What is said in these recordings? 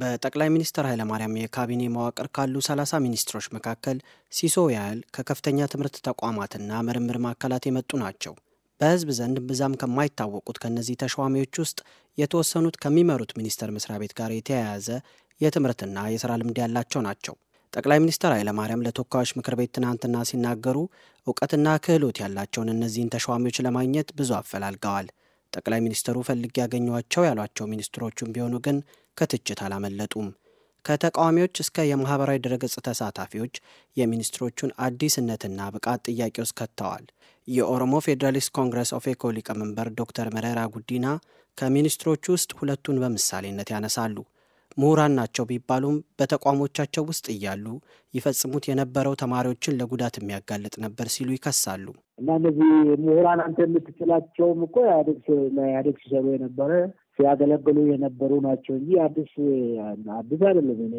በጠቅላይ ሚኒስትር ኃይለማርያም የካቢኔ መዋቅር ካሉ 30 ሚኒስትሮች መካከል ሲሶ ያህል ከከፍተኛ ትምህርት ተቋማትና ምርምር ማዕከላት የመጡ ናቸው። በሕዝብ ዘንድ ብዛም ከማይታወቁት ከእነዚህ ተሿሚዎች ውስጥ የተወሰኑት ከሚመሩት ሚኒስቴር መስሪያ ቤት ጋር የተያያዘ የትምህርትና የሥራ ልምድ ያላቸው ናቸው። ጠቅላይ ሚኒስትር ኃይለማርያም ለተወካዮች ምክር ቤት ትናንትና ሲናገሩ እውቀትና ክህሎት ያላቸውን እነዚህን ተሿሚዎች ለማግኘት ብዙ አፈላልገዋል። ጠቅላይ ሚኒስትሩ ፈልጌ ያገኟቸው ያሏቸው ሚኒስትሮቹም ቢሆኑ ግን ከትችት አላመለጡም። ከተቃዋሚዎች እስከ የማህበራዊ ድረገጽ ተሳታፊዎች የሚኒስትሮቹን አዲስነትና ብቃት ጥያቄ ውስጥ ከተዋል። የኦሮሞ ፌዴራሊስት ኮንግረስ ኦፌኮ ሊቀመንበር ዶክተር መረራ ጉዲና ከሚኒስትሮቹ ውስጥ ሁለቱን በምሳሌነት ያነሳሉ። ምሁራን ናቸው ቢባሉም በተቋሞቻቸው ውስጥ እያሉ ይፈጽሙት የነበረው ተማሪዎችን ለጉዳት የሚያጋልጥ ነበር ሲሉ ይከሳሉ። እና እነዚህ ምሁራን አንተ የምትችላቸውም እኮ ኢህአዴግ ሲሰሩ የነበረ ሲያገለግሉ የነበሩ ናቸው እንጂ አዲስ አዲስ አይደለም። እኔ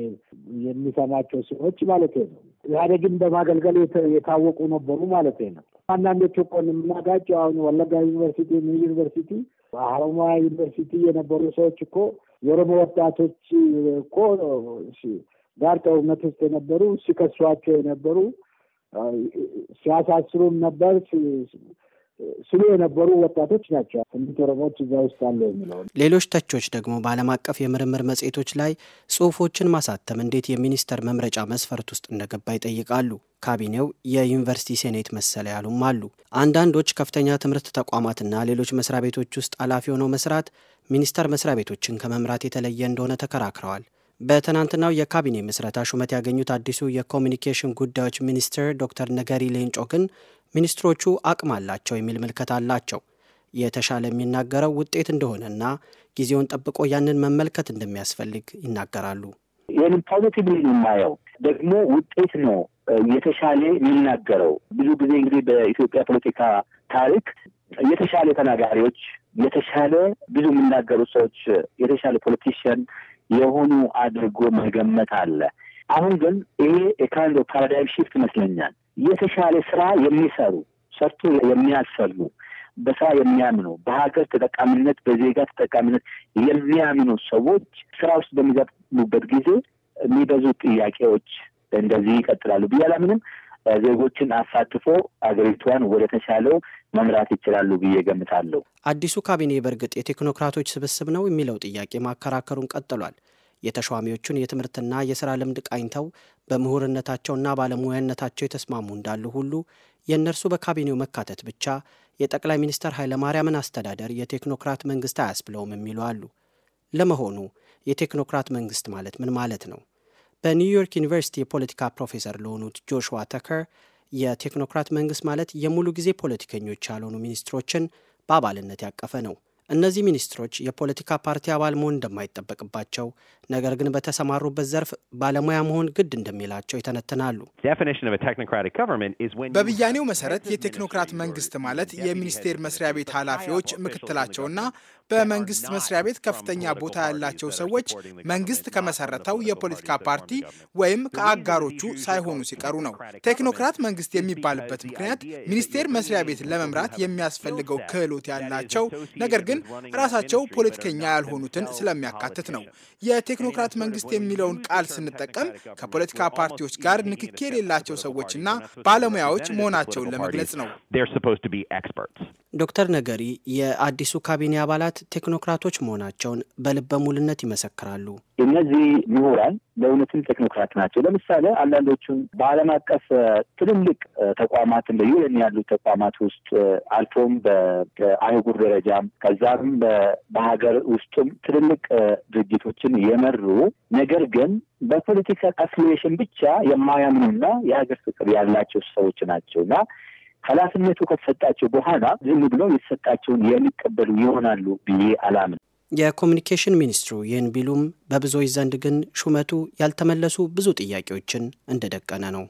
የሚሰማቸው ሰዎች ማለት ነው። ኢህአዴግን በማገልገል የታወቁ ነበሩ ማለት ነው። አንዳንዶቹ እኮ የምናውቃቸው አሁን ወለጋ ዩኒቨርሲቲ፣ ሚ ዩኒቨርሲቲ፣ ሀረማያ ዩኒቨርሲቲ የነበሩ ሰዎች እኮ የኦሮሞ ወጣቶች እኮ ጋር ጦርነት ውስጥ የነበሩ ሲከሷቸው የነበሩ ሲያሳስሩም ነበር ስሉ የነበሩ ወጣቶች ናቸው ስምንት ኦሮሞዎች እዛ ውስጥ አለ የሚለው። ሌሎች ተቾች ደግሞ በዓለም አቀፍ የምርምር መጽሔቶች ላይ ጽሁፎችን ማሳተም እንዴት የሚኒስተር መምረጫ መስፈርት ውስጥ እንደገባ ይጠይቃሉ። ካቢኔው የዩኒቨርሲቲ ሴኔት መሰለ ያሉም አሉ። አንዳንዶች ከፍተኛ ትምህርት ተቋማትና ሌሎች መስሪያ ቤቶች ውስጥ ኃላፊ ሆነው መስራት ሚኒስተር መስሪያ ቤቶችን ከመምራት የተለየ እንደሆነ ተከራክረዋል። በትናንትናው የካቢኔ ምስረታ ሹመት ያገኙት አዲሱ የኮሚኒኬሽን ጉዳዮች ሚኒስትር ዶክተር ነገሪ ሌንጮ ግን ሚኒስትሮቹ አቅም አላቸው የሚል ምልከት አላቸው። የተሻለ የሚናገረው ውጤት እንደሆነና ጊዜውን ጠብቆ ያንን መመልከት እንደሚያስፈልግ ይናገራሉ። ይህንም ፖዘቲቭ የማየው ደግሞ ውጤት ነው የተሻለ የሚናገረው። ብዙ ጊዜ እንግዲህ በኢትዮጵያ ፖለቲካ ታሪክ የተሻለ ተናጋሪዎች፣ የተሻለ ብዙ የሚናገሩ ሰዎች፣ የተሻለ ፖለቲሽያን የሆኑ አድርጎ መገመት አለ። አሁን ግን ይሄ የካንዶ ፓራዳይም ሽፍት ይመስለኛል። የተሻለ ስራ የሚሰሩ ሰርቶ የሚያሰሉ በስራ የሚያምኑ በሀገር ተጠቃሚነት በዜጋ ተጠቃሚነት የሚያምኑ ሰዎች ስራ ውስጥ በሚገቡበት ጊዜ የሚበዙ ጥያቄዎች እንደዚህ ይቀጥላሉ ብያላምንም ዜጎችን አሳትፎ አገሪቷን ወደ ተሻለው መምራት ይችላሉ ብዬ ገምታለሁ። አዲሱ ካቢኔ በእርግጥ የቴክኖክራቶች ስብስብ ነው የሚለው ጥያቄ ማከራከሩን ቀጥሏል። የተሿሚዎቹን የትምህርትና የስራ ልምድ ቃኝተው በምሁርነታቸውና ባለሙያነታቸው የተስማሙ እንዳሉ ሁሉ የእነርሱ በካቢኔው መካተት ብቻ የጠቅላይ ሚኒስትር ኃይለማርያምን አስተዳደር የቴክኖክራት መንግስት አያስብለውም የሚሉ አሉ። ለመሆኑ የቴክኖክራት መንግስት ማለት ምን ማለት ነው? በኒውዮርክ ዩኒቨርሲቲ የፖለቲካ ፕሮፌሰር ለሆኑት ጆሹዋ ተከር የቴክኖክራት መንግስት ማለት የሙሉ ጊዜ ፖለቲከኞች ያልሆኑ ሚኒስትሮችን በአባልነት ያቀፈ ነው። እነዚህ ሚኒስትሮች የፖለቲካ ፓርቲ አባል መሆን እንደማይጠበቅባቸው፣ ነገር ግን በተሰማሩበት ዘርፍ ባለሙያ መሆን ግድ እንደሚላቸው ይተነትናሉ። በብያኔው መሰረት የቴክኖክራት መንግስት ማለት የሚኒስቴር መስሪያ ቤት ኃላፊዎች ምክትላቸውና በመንግስት መስሪያ ቤት ከፍተኛ ቦታ ያላቸው ሰዎች መንግስት ከመሰረተው የፖለቲካ ፓርቲ ወይም ከአጋሮቹ ሳይሆኑ ሲቀሩ ነው። ቴክኖክራት መንግስት የሚባልበት ምክንያት ሚኒስቴር መስሪያ ቤት ለመምራት የሚያስፈልገው ክህሎት ያላቸው ነገር ግን ራሳቸው ፖለቲከኛ ያልሆኑትን ስለሚያካትት ነው። የቴክኖክራት መንግስት የሚለውን ቃል ስንጠቀም ከፖለቲካ ፓርቲዎች ጋር ንክኬ የሌላቸው ሰዎችና ባለሙያዎች መሆናቸውን ለመግለጽ ነው። ዶክተር ነገሪ የአዲሱ ካቢኔ አባላት ምሁራት ቴክኖክራቶች መሆናቸውን በልበ ሙልነት ይመሰክራሉ። እነዚህ ምሁራን በእውነትም ቴክኖክራት ናቸው። ለምሳሌ አንዳንዶቹን በዓለም አቀፍ ትልልቅ ተቋማት እንደ ዩኤን ያሉ ተቋማት ውስጥ አልፎም በአህጉር ደረጃም ከዛም በሀገር ውስጡም ትልልቅ ድርጅቶችን የመሩ ነገር ግን በፖለቲካል አፍሊዬሽን ብቻ የማያምኑና የሀገር ፍቅር ያላቸው ሰዎች ናቸው እና ኃላፊነቱ ከተሰጣቸው በኋላ ዝም ብለው የተሰጣቸውን የሚቀበሉ ይሆናሉ ብዬ አላምን። የኮሚኒኬሽን ሚኒስትሩ ይህን ቢሉም በብዙዎች ዘንድ ግን ሹመቱ ያልተመለሱ ብዙ ጥያቄዎችን እንደደቀነ ነው።